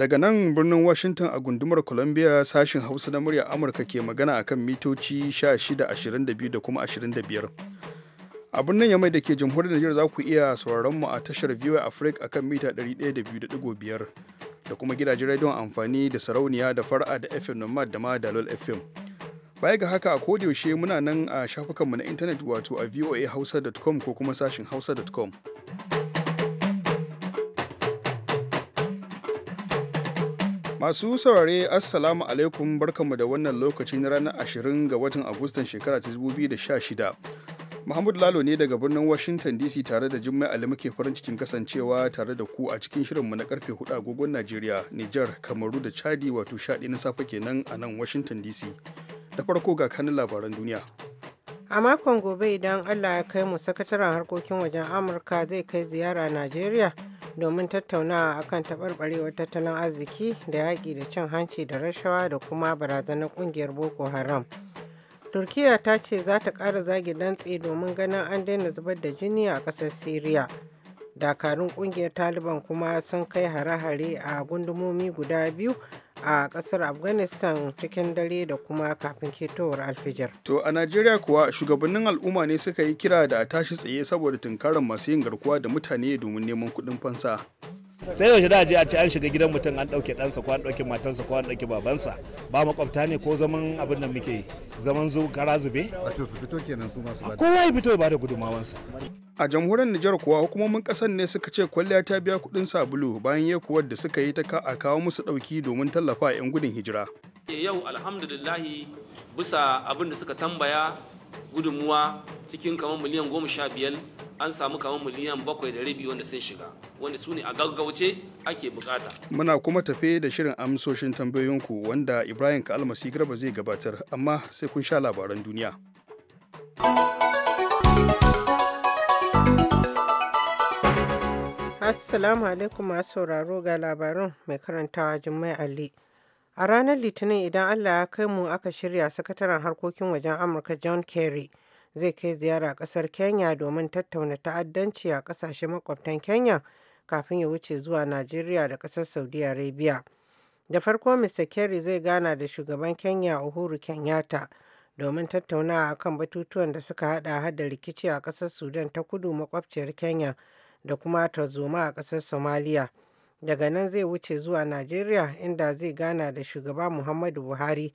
Daga nan birnin Washington a gundumar Columbia sashin Hausa na murya Amurka ke magana akan mitoci 16, 22 da kuma 25. A birnin Yamai da ke jamhuriyar Najeriya za ku iya sauraron mu a tashar VOA Africa akan mita 102.5 da kuma gidajen rediyon amfani da sarauniya da fara da FM Nomad da ma Dalol FM. Baya ga haka a yaushe muna nan a shafukanmu na intanet wato a voahausa.com ko kuma sashin hausa.com. Masu saurare Assalamu alaikum barkanmu da wannan lokaci na ranar 20 ga watan Agustan shekara ta 2016. muhammadu Lalo ne daga birnin Washington DC tare da Jummai Ali muke farin cikin kasancewa tare da ku a cikin shirinmu na karfe 4 agogon Najeriya, Nijar, Kamaru da Chadi wato shaɗi na safe kenan a nan Washington DC. Da farko ga kanin labaran duniya. a makon gobe idan allah ya kai mu sakataren harkokin wajen amurka zai kai ziyara najeriya domin tattaunawa akan taɓarɓarewar tattalin arziki da yaƙi da cin hanci da rashawa da kuma barazanar ƙungiyar boko haram turkiya ta ce za ta ƙara zagi dantse domin ganin an daina zubar da jini a ƙasar syria dakarun ƙungiyar taliban kuma sun kai hare-hare a gundumomi guda biyu a kasar afghanistan cikin dare da kuma kafin ketowar alfijar to a najeriya kuwa shugabannin al'umma ne suka yi kira da a tashi tsaye saboda tunkarar masu yin garkuwa da mutane domin neman kuɗin fansa sai yaushe da je a ci an shiga gidan mutum an ɗauke ɗansa ko an ɗauke matansa ko an ɗauke babansa ba makwabta ne ko zaman abin da muke yi zaman zu kara zube wato su fito kenan su ba kowa ya fito ya bada gudumawansa a jamhuriyar Nijar kuwa hukumomin kasar ne suka ce kwalliya ta biya kuɗin sabulu bayan yakuwar da suka yi ta a kawo musu ɗauki domin tallafa 'yan gudun hijira. Yau alhamdulillahi bisa abin da suka tambaya gudunmuwa cikin kamar miliyan goma sha biyar an samu kamar miliyan bakwai da rabi wanda sun shiga wanda su ne a gaggauce ake bukata. Muna kuma tafe da shirin amsoshin tambayoyinku wanda Ibrahim Kalmasi Garba zai gabatar amma sai kun sha labaran duniya. Assalamu alaikum masu sauraro ga labaran mai karantawa Jummai Ali. A ranar Litinin idan Allah ya kai mu aka shirya Sakataren Harkokin Wajen Amurka John Kerry zai kai ziyara ƙasar Kenya domin tattauna ta'addanci a ƙasashe makwabtan Kenya kafin ya wuce zuwa Najeriya da ƙasar Saudi Arabia. Da farko Mr. Kerry zai gana da shugaban Kenya Uhuru Kenyatta domin tattauna a kan batutuwan da suka hada hada rikici a ƙasar Sudan ta kudu makwabciyar Kenya da kuma tarzoma a ƙasar Somalia. daga nan zai wuce zuwa najeriya inda zai gana da shugaba muhammadu buhari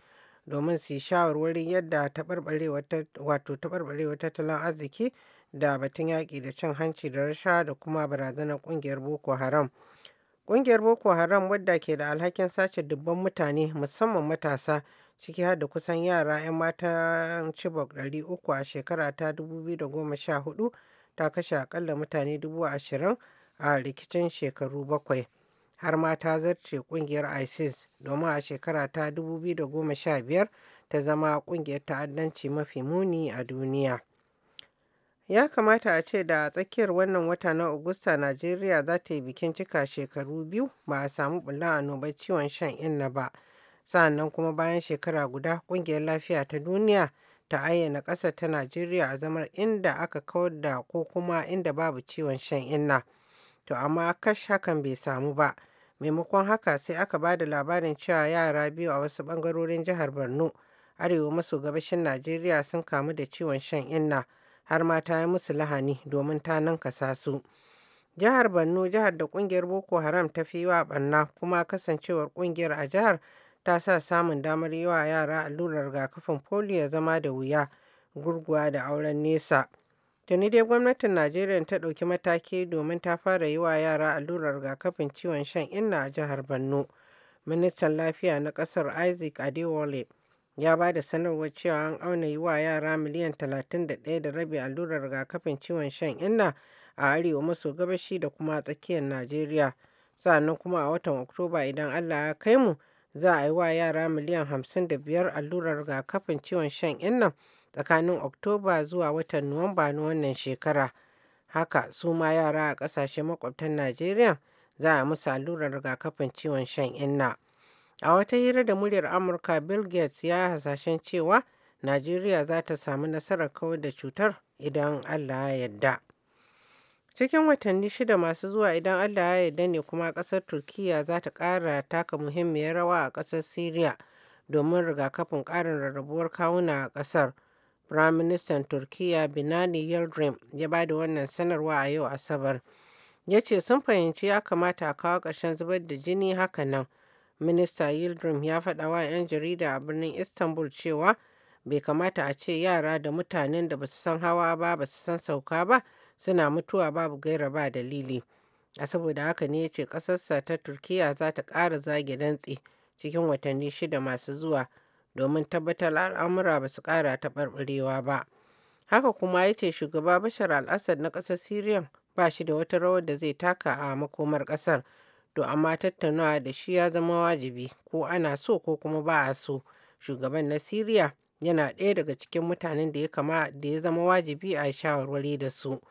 domin su yi shawarwarin yadda taɓarɓarewar tattalin arziki da batun yaƙi da cin hanci da rasha da kuma barazanar ƙungiyar boko haram ƙungiyar boko haram wadda ke da alhakin sace dubban mutane musamman matasa ciki har da kusan yara 'yan matan chibok 300 a shekara ta 2014 ta kashe akalla mutane 20,000 a rikicin shekaru bakwai har ma ta zarce kungiyar isis domin a shekara ta 2015 ta zama kungiyar ta'addanci mafi muni a duniya ya kamata a ce da tsakiyar wannan wata na Agusta Najeriya za ta yi bikin cika shekaru biyu ba a samu bulla annobar ciwon shan inna ba. Sa'annan kuma bayan shekara guda kungiyar lafiya ta duniya ta ayyana ƙasa ta Najeriya a zamar inda aka kawar da ko kuma inda babu ciwon shan inna. to amma kash hakan bai samu ba maimakon haka sai aka ba da labarin cewa yara biyu a wasu bangarorin jihar borno arewa maso gabashin najeriya sun kamu da ciwon shan inna har ma ta yi musu lahani domin ta nankasa su jihar borno jihar da kungiyar boko haram ta fi wa barna kuma kasancewar kungiyar a jihar ta sa samun damar yi yara allurar rigakafin polio zama da wuya gurguwa da auren nesa Tuni dai gwamnatin Najeriya ta ɗauki mataki domin ta fara yi wa yara allurar rigakafin ciwon shan inna a jihar Borno. Ministan Lafiya na ƙasar Isaac Adewale ya ba da sanarwar cewa an auna yi wa yara miliyan 31 da rabi allurar rigakafin ciwon shan inna a arewa maso gabashi da kuma tsakiyar Najeriya. Sa'annan kuma a watan Oktoba idan Allah ya kai mu za a yi wa yara miliyan 55 allurar rigakafin ciwon shan innan tsakanin oktoba zuwa watan nuwamba na wannan shekara haka su ma yara a ƙasashen makwabtan najeriya za a musu allurar rigakafin ciwon shan inna a wata hira da muryar amurka bill gates ya hasashen cewa najeriya za ta samu nasarar kawar da cutar idan allah ya yarda Cikin watanni shida masu zuwa idan Allah ya yarda ne kuma ƙasar Turkiyya za ta ƙara taka muhimmiyar rawa a ƙasar Siriya domin rigakafin ƙarin rarrabuwar kawuna a ƙasar. Firaministan turkiya binani Yildirim ya ba da wannan sanarwa a yau Asabar. Ya ce sun fahimci ya kamata a kawo ƙarshen zubar da jini haka nan. Minista Yildirim ya faɗa wa 'yan jarida a birnin Istanbul cewa bai kamata a ce yara da mutanen da ba su san hawa ba ba su san sauka ba suna mutuwa babu gaira ba dalili a saboda haka ne yace ce ƙasarsa ta turkiya za ta ƙara zage dantse cikin watanni shida masu zuwa domin tabbatar al'amura ba su ƙara taɓarɓarewa ba haka kuma ya ce shugaba bashar al-assad na ƙasar syria ba shi da wata rawar da zai taka a makomar ƙasar to amma tattaunawa da shi ya zama wajibi ko ana so ko kuma ba a so shugaban na syria yana ɗaya daga cikin mutanen da ya da ya zama wajibi a shawarwari da su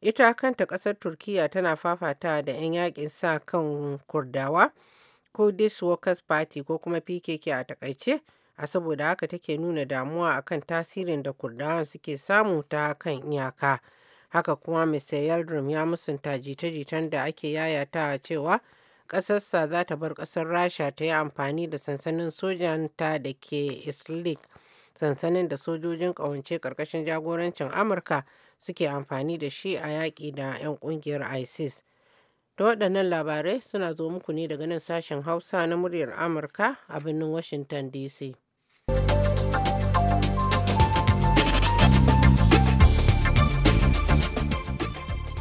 ita kanta kasar turkiya tana fafata da 'yan yakin sa kan kurdawa kurdish workers party ko kuma pkk a takaice a saboda haka take nuna damuwa akan tasirin da kurdawan suke samu ta kan iyaka haka kuma mr yaldrum ya musunta jita-jitan da ake yayatawa cewa ƙasarsa za ta bar ƙasar rasha ta yi amfani da sansanin sojanta ta da ke islik sansanin da sojojin ƙawance ƙarƙashin jagorancin amurka suke amfani da shi a yaƙi da 'yan ƙungiyar isis da waɗannan labarai suna zo muku ne daga nan sashen hausa na muryar amurka a birnin washington dc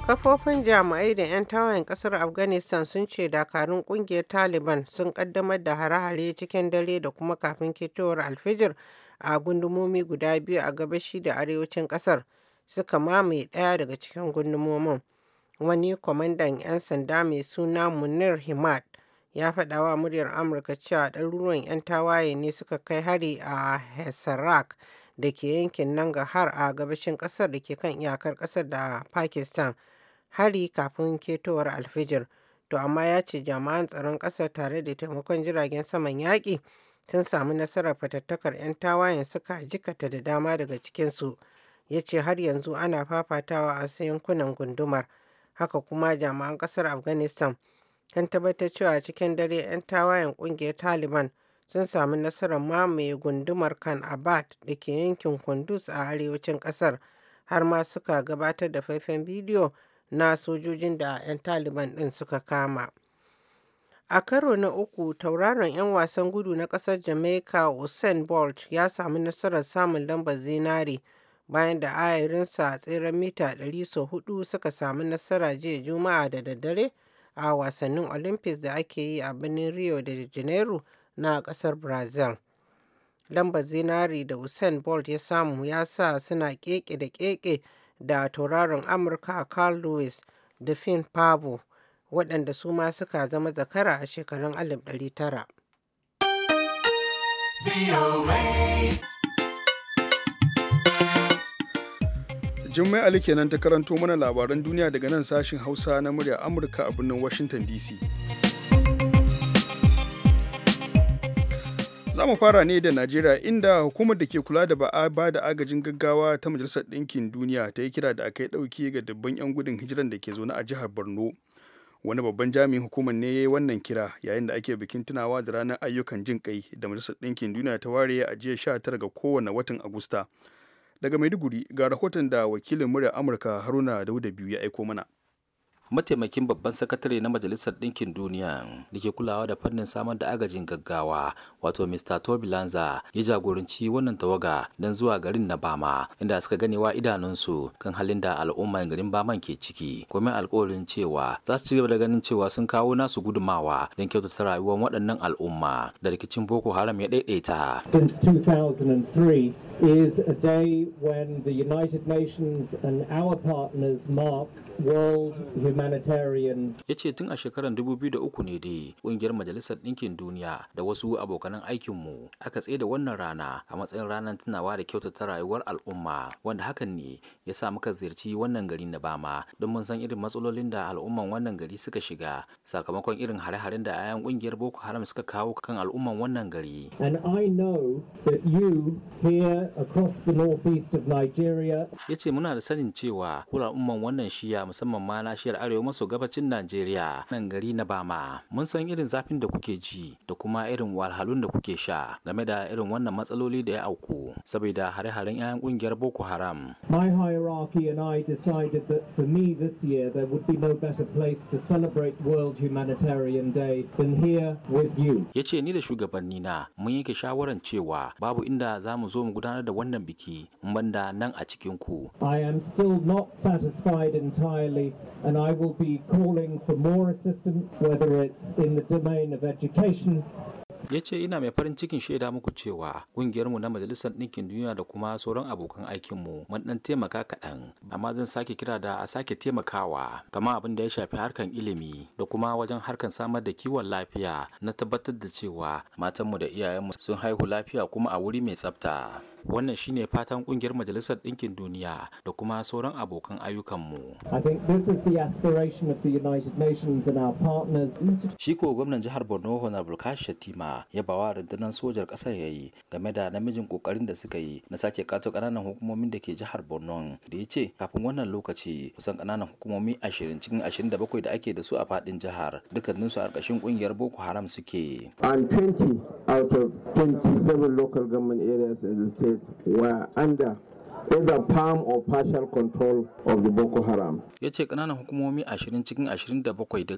kafofin jami'ai da 'yan tawayen kasar afghanistan sun ce dakarun kungiyar taliban sun kaddamar da hare-hare cikin dare da kuma kafin ketowar alfijir a gundumomi guda biyu a gabashi da arewacin kasar suka mamaye ɗaya daga cikin gundumomin. Wani kwamandan 'yan sanda mai suna Munir Himad ya faɗa wa muryar Amurka cewa ɗaruruwan 'yan tawaye ne suka kai hari a Hesarak da ke yankin nan har a gabashin ƙasar da ke kan iyakar ƙasar da Pakistan hari kafin ketowar alfijir. To amma ya ce jami'an tsaron ƙasar tare da taimakon jiragen saman yaƙi sun samu nasarar fatattakar 'yan tawayen suka jikata da dama daga cikinsu. ya ce har yanzu ana fafatawa a yankunan gundumar haka kuma jami'an kasar afghanistan kan tabbatar cewa cikin dare 'yan tawayen kungiyar taliban sun samu nasarar mamaye gundumar kan abad da ke yankin Kundus a arewacin kasar har ma suka gabatar da faifan bidiyo na sojojin da 'yan taliban ɗin suka kama a karo na uku tauraron 'yan wasan gudu na ƙasar jamaica usain bolt ya samu nasarar samun lambar zinari. bayan da ayarinsa a tseren mita 400 suka samu nasara jiya juma'a da daddare a wasannin olympics da ake yi a birnin rio de janeiro na kasar brazil lambar zinari da usain bolt ya samu ya sa suna keke da keke da tauraron amurka carl lewis da finn pabo waɗanda su ma suka zama zakara a shekarun 1900 Jummai Ali kenan ta karanto mana labaran duniya daga nan sashin Hausa na murya Amurka a birnin Washington DC. Za mu fara ne da Najeriya inda hukumar da ke kula da ba'a ba da agajin gaggawa ta Majalisar Ɗinkin Duniya ta yi kira da aka yi ɗauki ga dabban 'yan gudun hijiran da ke zaune a jihar Borno. Wani babban jami'in hukumar ne ya yi wannan kira yayin da ake bikin tunawa da ranar ayyukan jin kai da Majalisar Ɗinkin Duniya ta ware a jiya 19 ga kowane watan Agusta. daga maiduguri ga rahoton da wakilin murya amurka haruna dauda biyu ya aiko mana mataimakin babban sakatare na majalisar ɗinkin duniya da ke kulawa da fannin samar da agajin gaggawa wato mr toby lanza ya jagoranci wannan tawaga don zuwa garin na bama inda suka gane wa idanunsu kan halin da al'umma garin baman ke ciki komai alkawarin cewa za su ci gaba da ganin cewa sun kawo nasu gudumawa don kyautata rayuwar waɗannan al'umma da rikicin boko haram ya ɗaiɗaita. is a day when the United Nations and our partners mark World Humanitarian. Ya ce tun a shekarar 2003 ne dai ƙungiyar Majalisar Ɗinkin Duniya da wasu abokanan aikinmu aka tsaye da wannan rana a matsayin ranar tunawa da kyautata rayuwar al'umma wanda hakan ne ya sa muka ziyarci wannan gari na Bama don mun san irin matsalolin da al'umman wannan gari suka shiga sakamakon irin hare-haren da 'ya'yan ƙungiyar Boko Haram suka kawo kan al'umman wannan gari. And I know that you here Ya ce muna da sanin cewa kula umman wannan shiya musamman ma na shiyar arewa maso gabacin Najeriya nan gari na Bama. Mun san irin zafin da kuke ji da kuma irin walhalun da kuke sha game da irin wannan matsaloli da ya auku saboda hare-haren 'ya'yan kungiyar Boko Haram. My hierarchy and that for me this year there would be no better place to celebrate World Humanitarian Day than here with you. Ya ce ni da shugabanni na mun yake shawaran cewa babu inda za mu zo mu gudanar gudanar da wannan biki banda nan a cikin ku. I am still not satisfied entirely and I will be calling for more assistance whether it's in the domain of education ya ce ina mai farin cikin shaida muku cewa mu na majalisar ɗinkin duniya da kuma sauran abokan aikinmu mun ɗan taimaka kaɗan amma zan sake kira da a sake taimakawa kama abin da ya shafi harkan ilimi da kuma wajen harkan samar da kiwon lafiya na tabbatar da cewa matanmu da iyayenmu sun haihu lafiya kuma a wuri mai tsafta. wannan shine fatan kungiyar majalisar ɗinkin duniya da kuma sauran abokan ayyukanmu shi ko gwamnan jihar borno honorable kashi shatima ya bawa rundunar sojar ƙasar ya game da namijin ƙoƙarin da suka yi na sake kato ƙananan hukumomin da ke jihar borno da ya ce kafin wannan lokaci kusan ƙananan hukumomi ashirin cikin ashirin da bakwai da ake da su a faɗin jihar dukkaninsu a ƙarƙashin ƙungiyar boko haram suke and 20 out of 27 local government areas in the state State were under either palm or partial control of the Boko Haram. Ya ce ƙananan hukumomi 20 cikin 27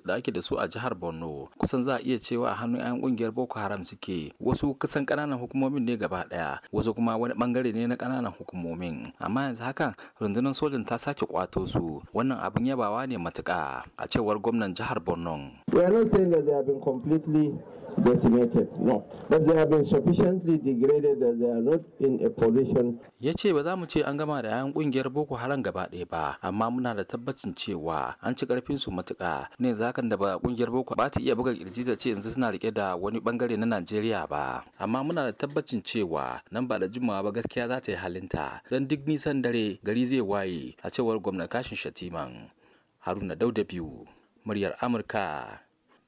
da ake da su a jihar Borno kusan za a iya cewa a hannun 'yan ƙungiyar Boko Haram suke wasu kusan ƙananan hukumomin ne gaba ɗaya wasu kuma wani ɓangare ne na ƙananan hukumomin amma yanzu haka rundunar sojin ta sake kwato su wannan abin yabawa ne matuƙa a cewar gwamnan jihar Borno. We are not saying that they have been completely decimated. No. But they have been sufficiently degraded that they are not in a position. Ya ce ba za mu ce an gama da yan kungiyar Boko Haram gaba ɗaya ba, amma muna da tabbacin cewa an ci karfin su matuƙa. Ne zakan da ba kungiyar Boko ba ta iya buga kirji da ce yanzu suna rike da wani bangare na Najeriya ba. Amma muna da tabbacin cewa nan ba da jimawa ba gaskiya za ta yi halinta. Don duk nisan dare gari zai waye a cewar gwamnan kashin Shatiman. Haruna Dauda biyu, muryar Amurka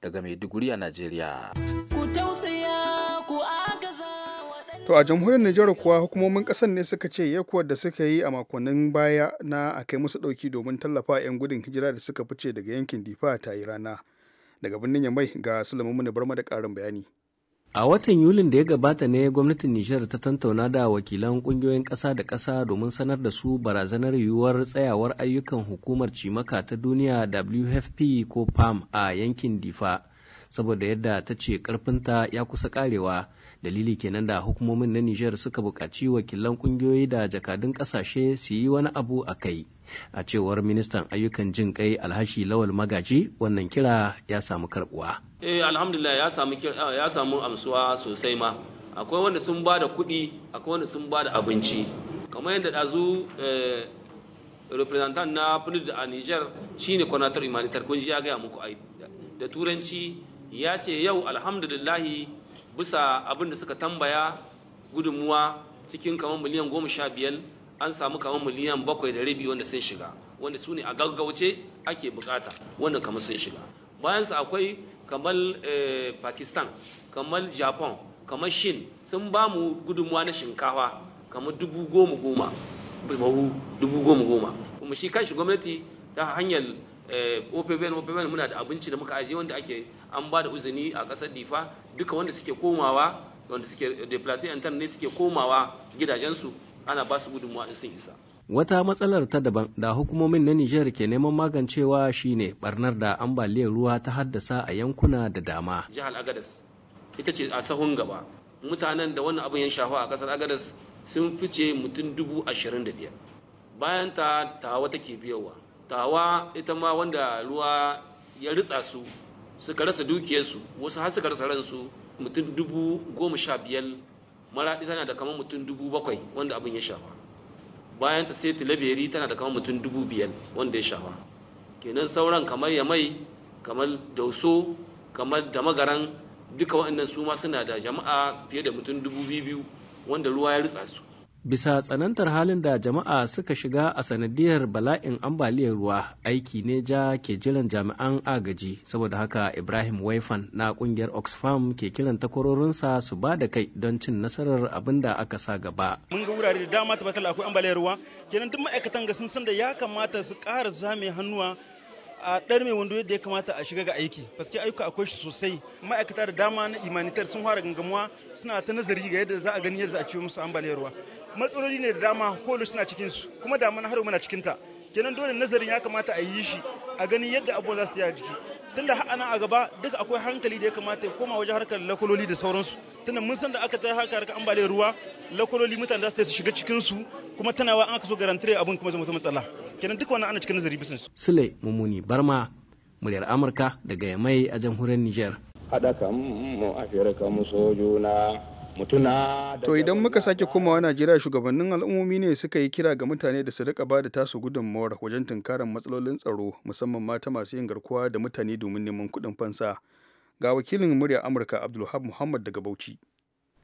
daga Maiduguri a Najeriya. To a jamhuriyar Nijar kuwa hukumomin ƙasar ne suka ce yakuwar da suka yi a makonnin baya na a kai musu ɗauki domin tallafa 'yan gudun hijira da suka fice daga yankin Difa ta yi rana. Daga birnin Yamai ga Sulaiman Muni Barma da karin bayani. A watan Yulin da ya gabata ne gwamnatin Nijar ta tantauna da wakilan kungiyoyin ƙasa da ƙasa domin sanar da su barazanar yiwuwar tsayawar ayyukan hukumar cimaka ta duniya WFP ko PAM a yankin Difa, saboda yadda ta ce ƙarfinta ya kusa ƙarewa. Dalili kenan da hukumomin na Nijar suka buƙaci wakilan kungiyoyi da jakadun ƙasashe su yi wani abu a kai. a cewar ministan ayyukan jin kai alhashi lawal magaji wannan kira ya samu karbuwa eh alhamdulillah eh, ya samu amsuwa sosai ma akwai wanda sun ba da kuɗi akwai wanda sun ba da abinci kamar yadda ɗazu eh, representant na PNUD a Niger shine kwanatar Imanitar kun ya gaya muku ai da turanci ya ce yau alhamdulillah, bisa abin da suka tambaya gudunmuwa cikin kamar miliyan goma sha biyar an samu kamar miliyan bakwai da rabi wanda sun shiga wanda su ne a gaggauce ake bukata wanda kamar sun shiga bayan su akwai kamar eh, pakistan kamar japan kamar shin sun ba mu gudunmuwa na shinkawa kamar dubu goma goma bahu dubu goma goma kuma shi kanshi gwamnati ta hanyar eh, opvn opvn muna da abinci da muka ajiye wanda ake an ba da uzini a kasar difa duka wanda suke komawa wanda suke deplace ne suke komawa gidajensu ana ba su gudunmawa in sun isa wata matsalar ta daban da hukumomin na Nijar ke neman magancewa shine barnar da ambaliyar ruwa ta haddasa a yankuna da dama. Jihar Agadas ita ce a sahun gaba. Mutanen da wannan abin ya shafa a kasar Agadas sun fice mutum dubu ashirin da biyar. Bayan ta tawa take biyarwa, Tawa ita ma wanda ruwa ya ritsa su suka rasa dukiyarsu wasu har suka rasa ransu mutum dubu goma sha biyar maraɗi tana da kamar mutum dubu bakwai wanda abin ya shafa bayan ta sai tilaberi tana da kamar mutum dubu biyar wanda ya shafa kenan sauran kamar yamai kamar dauso kamar da magaran duka waɗannan su ma suna da jama'a fiye da mutum dubu biyu wanda ruwa ya ritsa su bisa tsanantar halin da jama'a suka shiga a sanadiyar bala'in ambaliyar ruwa aiki ne ja ke jiran jami'an agaji saboda haka ibrahim waifan na kungiyar oxfam ke kiran takwarorinsa su ba da kai don cin nasarar abin da aka sa gaba mun ga wurare da dama tabbatar akwai ambaliyar ruwa kenan duk ma'aikatan ga sun san da ya kamata su ƙara zame hannuwa a ɗar mai wando yadda ya kamata a shiga ga aiki paske ayyuka akwai shi sosai ma'aikata da dama na imanitar sun fara gangamuwa suna ta nazari ga yadda za a gani yadda za a ciwo musu ambaliyar ruwa matsaloli ne da dama kolo suna cikin su kuma damana har muna cikin ta kenan dole nazarin ya kamata a yi shi a gani yadda abubuwa za su yi a jiki tunda ana a gaba duka akwai hankali da ya kamata ya koma wajen harkar lakololi da sauransu tunda mun san da aka ta haka harkar ambaliyar ruwa lakololi mutane za su su shiga cikin su kuma wa an aka so garantire abin kuma zama matsala kenan duka wannan ana cikin nazari bisan su sule mumuni barma muryar amurka daga yamai a jamhuriyar niger haɗa kan mu afirka mu so juna To idan muka sake komawa Najeriya shugabannin al'ummomi ne suka yi kira ga mutane da su rika ba da tasu gudunmawar wajen tunkarar matsalolin tsaro musamman mata masu yin garkuwa da mutane domin neman kuɗin fansa. Ga wakilin murya Amurka Abdulhab Muhammad daga Bauchi.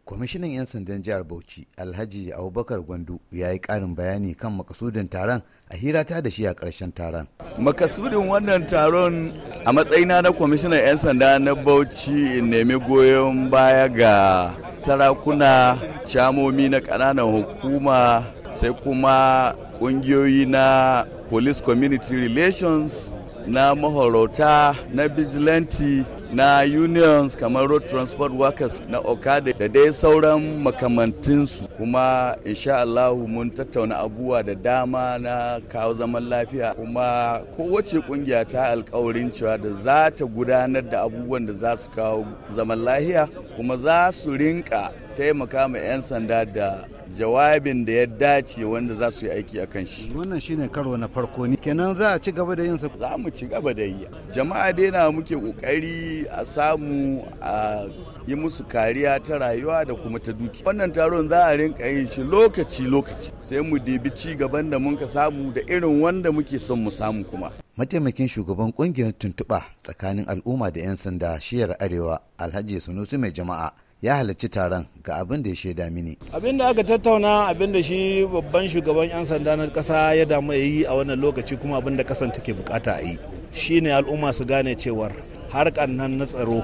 kwamishinan 'yan sandan jihar bauchi alhaji abubakar gwandu ya yi karin bayani kan makasudin taron a hirata da shi a karshen taron makasudin wannan taron a matsayina na kwamishinan 'yan sanda na bauchi nemi goyon baya ga sarakuna shamomi na ƙananan hukuma sai kuma ƙungiyoyi na police community relations na mahorota na vigilante na unions kamar road transport workers na okada da dai sauran makamantinsu kuma insha Allahu mun tattauna abubuwa da dama na kawo zaman lafiya kuma kowace kungiya ta alkawarin cewa da za ta gudanar da abubuwan da za su kawo zaman lafiya kuma za su rinka taimaka ma 'yan sanda da jawabin da ya dace wanda za su yi aiki a kan shi wannan shi ne karo na farko ne kenan za a ci gaba da yin sa za mu ci gaba da yi jama'a dai na muke kokari a samu a yi musu kariya ta rayuwa da kuma ta duki wannan taron za a rinka yin shi lokaci lokaci sai mu debi ci gaban da muka samu da irin wanda muke son mu samu kuma mataimakin shugaban kungiyar tuntuɓa tsakanin al'umma da 'yan sanda shiyar arewa alhaji sunusi mai jama'a ya halarci taron ga abin da ya shaida mini. Abin da aka tattauna abin da shi babban shugaban 'yan sanda na ƙasa ya damu ya yi a wannan lokaci kuma abin da ƙasan take bukata a yi. Shi ne al'umma su gane cewar harkar nan na tsaro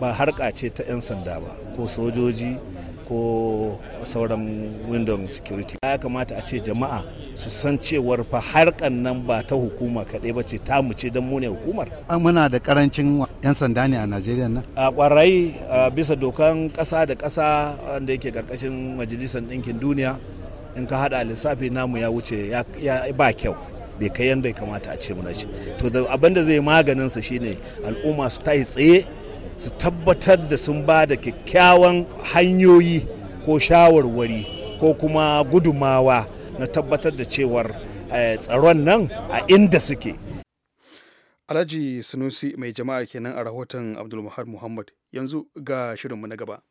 ba harka ce ta 'yan sanda ba ko sojoji ko sauran window security ya kamata a ce jama'a su san cewar fa harkan nan ba ta hukuma kaɗai ba ce ta mu ce don mu ne hukumar muna da karancin 'yan sanda ne a najeriya nan a kwarai bisa dokan ƙasa da ƙasa wanda yake karkashin majalisar ɗinkin duniya in ka haɗa lissafi namu ya wuce ya ba kyau bai kai yadda ya kamata a ce muna shi to abin da zai maganin sa shine al'umma su tayi tsaye su tabbatar da sun ba da kyakkyawan hanyoyi ko shawarwari ko kuma gudumawa na tabbatar da cewar eh, tsaron nan a inda suke alhaji sunusi mai jama'a kenan a rahoton abdulmuhar muhammad yanzu ga shirinmu na gaba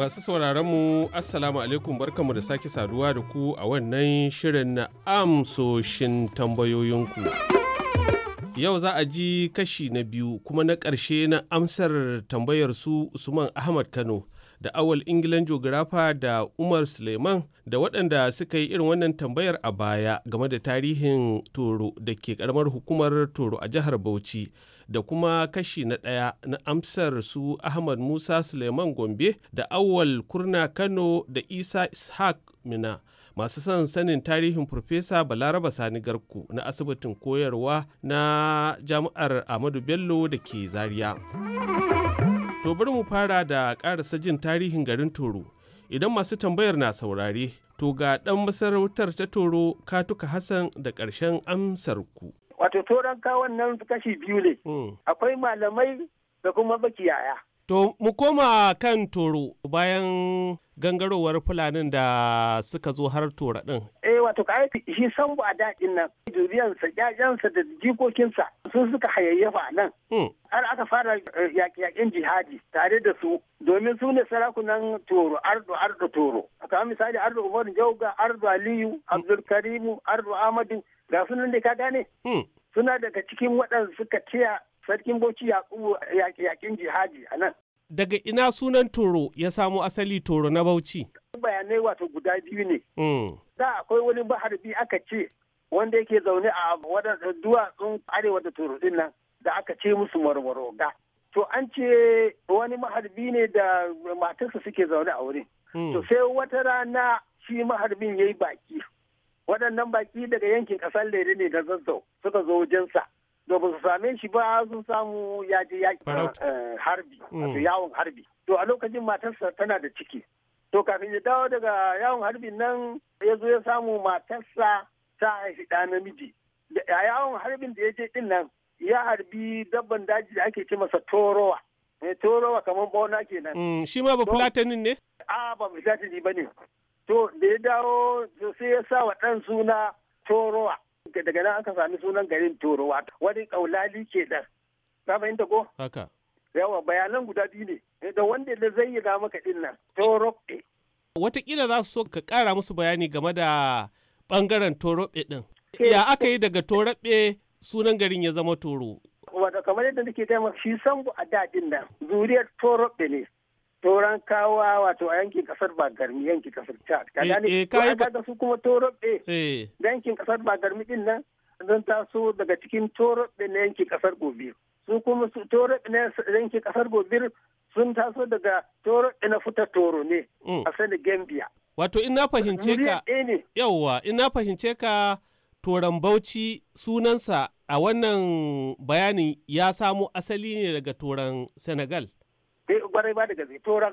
Masu sauraronmu, Assalamu alaikum barkanmu da sake saduwa da ku a wannan shirin na amsoshin tambayoyinku. Yau za a ji kashi na biyu kuma na ƙarshe na amsar tambayar su Usman Ahmad Kano da awal Ingilan Geographer da Umar Suleiman da waɗanda suka yi irin wannan tambayar a baya game da tarihin Toro da ke ƙaramar hukumar Toro a jihar Bauchi. da kuma kashi na ɗaya na amsar su Ahmad Musa Suleiman Gombe da Awal Kurna Kano da Isa Ishaq Mina masu son sanin tarihin Profesa Balaraba Sani Garku na asibitin koyarwa na Jami'ar Ahmadu Bello da ke Zaria. To bari mu fara da ƙarasa jin tarihin garin Toro. Idan masu tambayar na saurare, to ga 'dan masarautar ta Toro Katuka Hassan da ƙarshen amsar ku. Wato Toron kawon nan kashi biyu ne. Hmm. Akwai malamai da kuma bakiyaya. To, mu koma kan toro bayan gangarowar fulanin da suka zo har tora ɗin. Eh, wato ka shi san ba daɗin nan, juriyansa, jajensa da jikokinsa sun suka hayayyafa nan. Hmm. Har aka fara eh, yaƙi-yaƙin jihadi tare da su domin su ne sarakunan toro, ardo ardo toro. Kamar misali ardo Umar Jauga, ardo Aliyu, hmm. Abdul Karimu, ardo Ahmadu, ga sunan da ka gane. Hmm. Suna daga cikin waɗanda suka tiya sarkin bauchi yaƙin jihadi a nan daga ina sunan toro ya samo asali toro na bauchi bayanai wato guda biyu ne hmm. da akwai wani baharbi aka ce wanda yake zaune a wadanda duwatsun arewa da toro din nan da aka ce musu marmaro ga to an ce wani maharbi ne da matarsa suke zaune a wurin hmm. to sai wata rana shi maharbin ya yi baki waɗannan baki daga yankin ƙasar lere ne da zazzau suka zo wajensa da ba su same shi ba sun samu ya je eh, harbi mm. yawon harbi to a lokacin matarsa tana da ciki to kafin ya dawo daga yawon harbi nan ya zo ya samu matarsa ta haifi ɗa namiji a yawon harbin da ya je din nan ya harbi dabban daji da ake ce masa torowa mai eh, torowa kamar bauna kenan mm, shi ma ba platanin ne a ba platanin ba ne to da ya dawo sai ya sa wa ɗan suna torowa daga nan aka sami sunan garin toro wani kaulali ke da ka fahimta ko haka yawa bayanan guda biyu ne da wanda da zai yi maka din nan toro watakila za su so ka kara musu bayani game da bangaren toroɓe din ya aka yi daga toroɓe sunan garin ya zama toro wato kamar yadda nake taimaka shi sambo a dadin nan zuriyar toroɓe ne toron kawa wato a yankin kasar ba garmi yankin kasar chad ka eh, gane eh, ka su kuma toron ɗe eh, da yankin kasar ba garmi din nan zan taso daga cikin toron na yankin kasar gobir su kuma toron ɗe na yankin kasar gobir sun taso daga ɗe na futa toro ne mm. a sani gambia wato ina fahimce ka yauwa ina fahimce ka toron bauchi sunansa a wannan bayanin ya samo asali ne daga toron senegal kwarai ba da gaske toran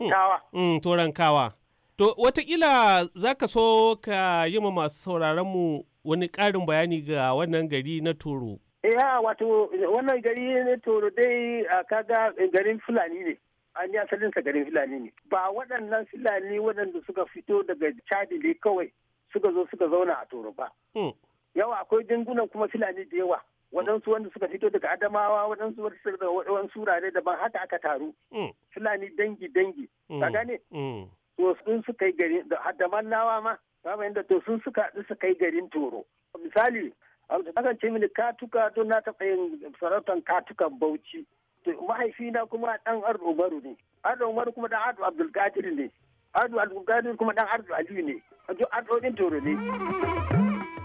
mm. mm, kawa. To watakila za ka so ka yi ma masu sauraron mu wani ƙarin bayani ga wannan gari na Toro. Ya eh, wato wannan gari na Toro dai kaga garin Fulani ne. An yi asalin sa garin Fulani ne. Ba waɗannan Fulani waɗanda suka fito daga Chadi ne kawai suka zo suka zauna a Toro ba. Mm. Yawa akwai jingunan kuma Fulani da yawa. waɗansu wanda suka fito daga adamawa waɗansu suka daga waɗansu wurare daban haka aka taru mm. fulani dangi dangi ka mm. gane mm. to sun suka yi gari da mallawa ma ma yadda to sun suka haɗu suka yi garin toro misali akan ce mini katuka to na taɓa yin sarautan katukan bauchi to mahaifina kuma ɗan ardu umaru ne ardu umaru kuma ɗan ardu abdulkadir ne ardu abdulkadir kuma ɗan ardu aliyu ne a ardu ɗin toro ne.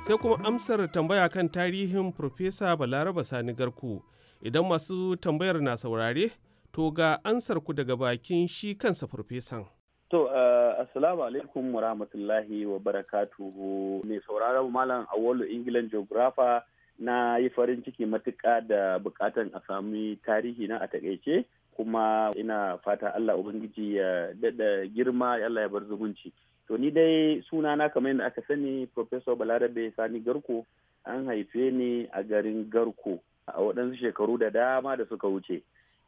sai kuma amsar tambaya kan tarihin Profesa Balaraba Sani garku Idan masu tambayar na saurare, to ga ansar ku daga bakin shi kansa Profesan. To, eh, Assalamu alaikum wa rahmatullahi wa barakatuhu. Mai sauraron Malam Awolu Ingilan Geographer na yi farin ciki matuka da buƙatan a sami tarihi na a taƙaice kuma ina fata Allah Ubangiji ya daɗa girma Allah ya bar zumunci. To ni dai suna na kamar yadda aka sani Professor Balarabe Sani Garko an haife ni a garin Garko a waɗansu shekaru da dama da suka wuce.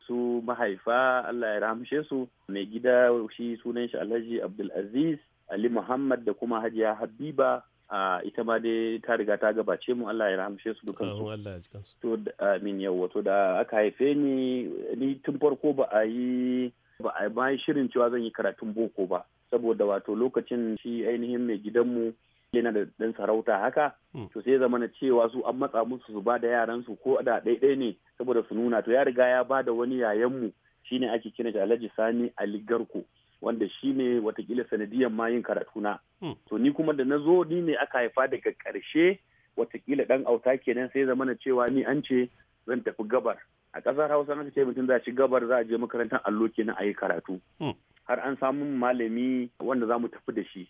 Su mahaifa Allah ya rahamshe su mai gida shi sunan shi Alhaji Abdulaziz Ali Muhammad da kuma Hajiya Habiba a ita ma dai ta riga ta gabace mu Allah ya rahamshe su dukan su. To da min yawa to da aka haife ni ni tun farko ba a yi ba a ma shirin cewa zan yi karatun boko ba. saboda wato lokacin shi ainihin mai gidanmu yana da ɗan sarauta haka hmm. to sai zama na cewa su an matsa musu su ba da yaran su ko da ɗaiɗai ne saboda su nuna to ya riga ya bada da wani yayanmu shine ake kira da Alhaji Sani Ali Garko wanda shine watakila sanadiyar ma yin karatu na. Hmm. to ni kuma da na zo ni ne aka haifa daga ƙarshe watakila ɗan auta kenan sai zama na cewa ni an ce zan tafi gabar a ƙasar hausa na ce mutum za shi gabar za a je makarantar allo kenan a yi karatu hmm. har an samun malami wanda za mu tafi da shi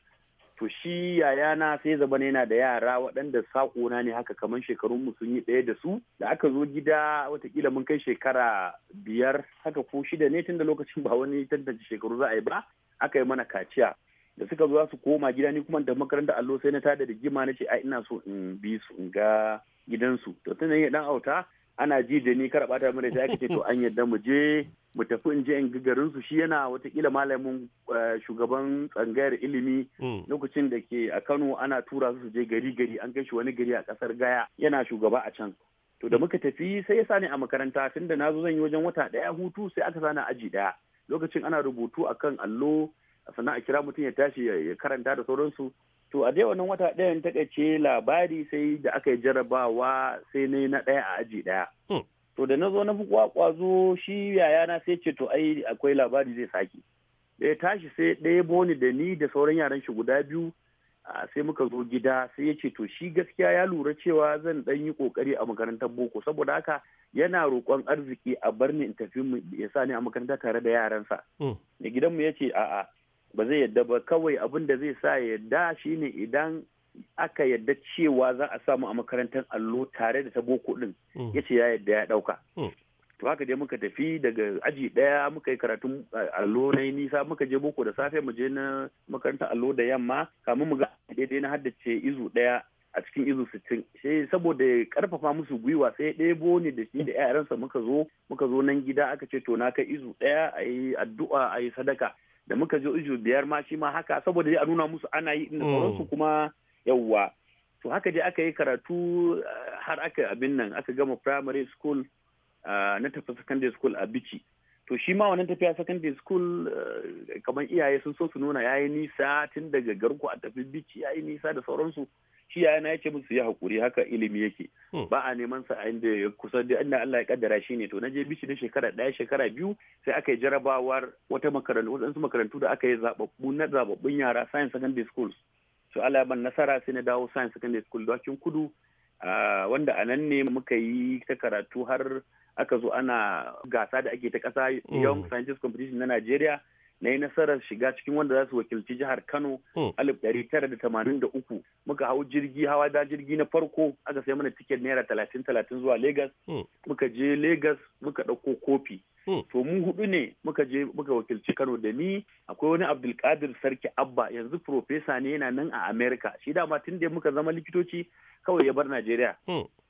to shi yayana sai zaba yana da yara waɗanda saƙona ne haka kamar shekarun mu sun yi ɗaya da su da aka zo gida watakila mun kai shekara biyar haka ko shida ne tun da lokacin ba wani tantance shekaru za a yi ba aka yi mana kaciya da suka zo za su koma gida ni kuma da makaranta allo sai na tada da jima na ce a ina so in bi su in ga gidansu to tun da ɗan auta ana ji da ni kar bata mana ta ce to an yadda mu je mu tafi in je in garin su shi yana watakila malamin eh, shugaban tsangayar ilimi hmm. lokacin da ke a Kano ana tura su je gari gari an kai shi wani gari a kasar Gaya yana shugaba a can to da hmm. muka tafi sai ya sani a makaranta tunda na zo zan yi wajen wata daya hutu sai aka sani aji daya lokacin ana rubutu akan allo sannan a kira mutum ya tashi ya karanta da sauransu to a dai wannan wata ɗayan takaice labari sai da aka yi jarabawa sai na na ɗaya a aji ɗaya hmm. to da na zo na fi kwazo shi yayana sai ce to ai akwai labari zai sake da ya tashi sai ɗaya boni da ni da sauran yaran shi guda biyu sai muka zo gida sai ya ce to shi gaskiya ya lura cewa zan ɗan yi kokari a makarantar boko saboda haka yana roƙon arziki a bar ni in tafi ya sa ni a makaranta tare da yaransa hmm. da gidanmu ya ce a'a ba zai yadda ba kawai abin da zai sa yadda shine idan aka yadda cewa za a samu a makarantar allo tare da ta boko din mm. ya ce ya yadda ya dauka mm. to haka dai muka tafi daga aji daya muka yi karatun eh, allo na nisa muka je boko da safe mu je na makarantar allo da yamma kamun mu ga daidai na haddace izu daya a cikin izu sittin sai saboda karfafa musu gwiwa sai ɗebo ne da shi da yaransa muka zo muka zo nan gida aka ce to na kai izu daya a yi addu'a a yi sadaka da muka je ijo biyar ma shi ma haka saboda dai a nuna musu ana yi inda mm. sauransu kuma yawwa to haka dai aka yi karatu eh, har aka abin nan aka gama primary school eh, na tafi secondary school a bici to shi ma wannan tafiya secondary school eh, kamar iyaye sun so su nuna yayi nisa tun daga garku a tafi bici yayi nisa da sauransu shi yana ya musu ya hakuri haka ilimi yake hmm. ba a neman sa a inda kusa da inda Allah ya kaddara shi ne to na je bishi na shekara ɗaya shekara biyu sai aka yi jarabawar wata makarantu wadansu makarantu da aka yi zababbu na zababbun yara science secondary schools to Allah ya ban nasara sai na dawo science secondary school Dakin kudu wanda a nan ne muka yi ta karatu har aka zo ana gasa da ake ta ƙasa hmm. young scientist competition na Najeriya na yi nasarar shiga cikin wanda za su wakilci jihar Kano hmm. alif ɗari tara da tamanin da uku muka hau jirgi hawa da jirgi na farko aka sai mana tiket naira talatin talatin zuwa Legas hmm. muka je Legas muka ɗauko kofi hmm. to mu hudu ne muka je muka wakilci Kano da ni akwai wani Abdulkadir Sarki Abba yanzu profesa ne yana nan a America shi ma tun da muka zama likitoci kawai ya bar Najeriya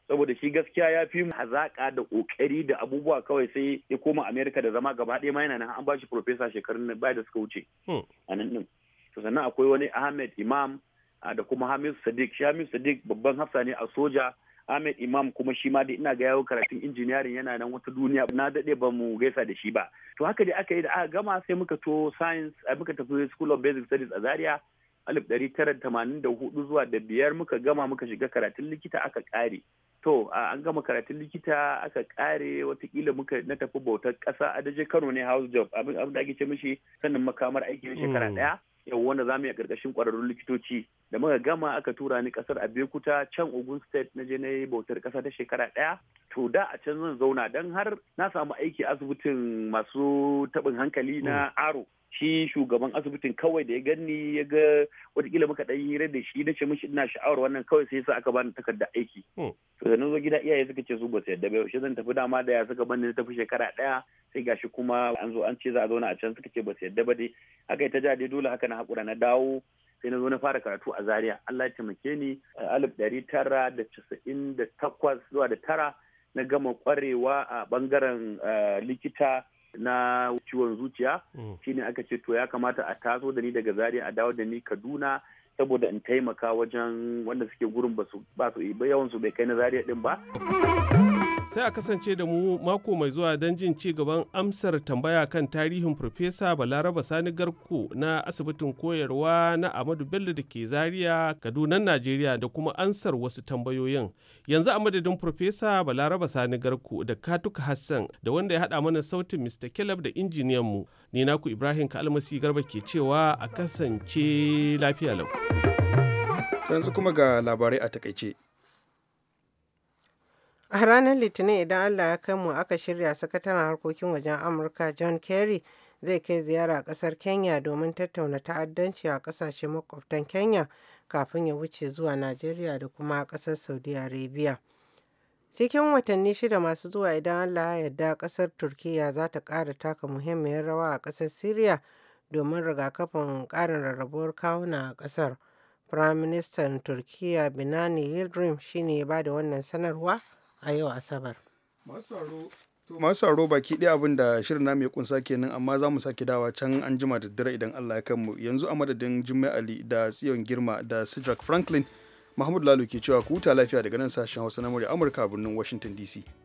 saboda shi gaskiya ya fi hazaƙa da ƙoƙari da abubuwa kawai sai ya koma amerika da zama gaba ɗaya ma yana nan an ba shi profesa shekarun baya da suka wuce hmm. a nan ɗin to sannan akwai wani ahmed imam da kuma hamis sadiq shi hamis sadiq babban hafsa ne a soja ahmed imam kuma shi ma dai ina ga yawo karatun injiniyarin yana nan wata duniya na daɗe ba mu gaisa da shi ba to haka dai aka yi da aka gama sai muka to science muka tafi school of basic studies a zaria alif ɗari tara tamanin da hudu zuwa da biyar muka gama muka shiga karatun likita aka ƙare to an gama karatun likita aka kare watakila muka na tafi bautar ƙasa a daje kano ne house job abin da ake ce mishi sannan makamar aiki na shekara daya mm. yau wanda za mu yi a ƙarƙashin ƙwararrun likitoci da muka gama aka tura ni ƙasar abekuta can ogun state na je na yi bautar ƙasa ta shekara ɗaya to da a can zan zauna don har na samu aiki asibitin masu taɓin hankali na mm. aro shi shugaban asibitin kawai da ya gani ya ga watakila muka ɗan hira da shi na ce mishi ina sha'awar wannan kawai sai sa aka bani takarda aiki. Hmm. To da zo gida iyaye suka ce su ba su yadda ba yaushe zan tafi dama da ya suka bani na tafi shekara ɗaya sai gashi kuma an zo an ce za a zauna a can suka ce ba su yadda ba dai aka yi ta dole haka na haƙura na dawo sai na zo na fara karatu a Zaria Allah ya taimake ni alif ɗari tara da casa'in da takwas zuwa da tara na gama kwarewa a bangaren eh, likita na ciwon zuciya mm. shine aka ce to ya kamata a taso da ni daga zaria a dawo da ni kaduna saboda in taimaka wajen wanda suke gurin ba su yawan su bai kai na zariya din ba. sai a kasance da mu mako mai zuwa don jin ci gaban amsar tambaya kan tarihin Profesa Balaraba Sani Garko na asibitin koyarwa na Amadu Bello da ke Zaria, kadunan Najeriya da kuma ansar wasu tambayoyin. Yanzu a madadin Profesa Balaraba Sani Garko da Katuka Hassan da wanda ya haɗa mana sautin Mr. Caleb da injiniyan mu. Ni naku Ibrahim Kalmasi Garba ke cewa a kasance lafiya lau. Yanzu kuma ga labarai a takaice. A ranar Litinin idan Allah ya kai mu aka shirya sakataren harkokin wajen Amurka John Kerry zai kai ziyara a ƙasar Kenya domin tattauna ta'addanci a ƙasashe makwabtan Kenya kafin ya wuce zuwa Najeriya da kuma ƙasar Saudi Arabia. Cikin watanni shida masu zuwa idan Allah ya yarda ƙasar Turkiyya za ta ƙara taka muhimmiyar rawa a ƙasar Syria domin rigakafin ƙarin rarrabuwar kawuna a ƙasar. Firaministan turkiya Binani Yildirim shine ya ba da wannan sanarwa a yau asabar masu baki ɗaya abin da shirin namu ya kunsa kenan amma za mu sake dawa can an jima da dare idan Allah ya kanmu yanzu a madadin Jummai Ali da Tsiyon Girma da Sidrak Franklin Mahmud Lalu ke cewa ku huta lafiya daga nan sashen Hausa na murya Amurka a birnin Washington DC.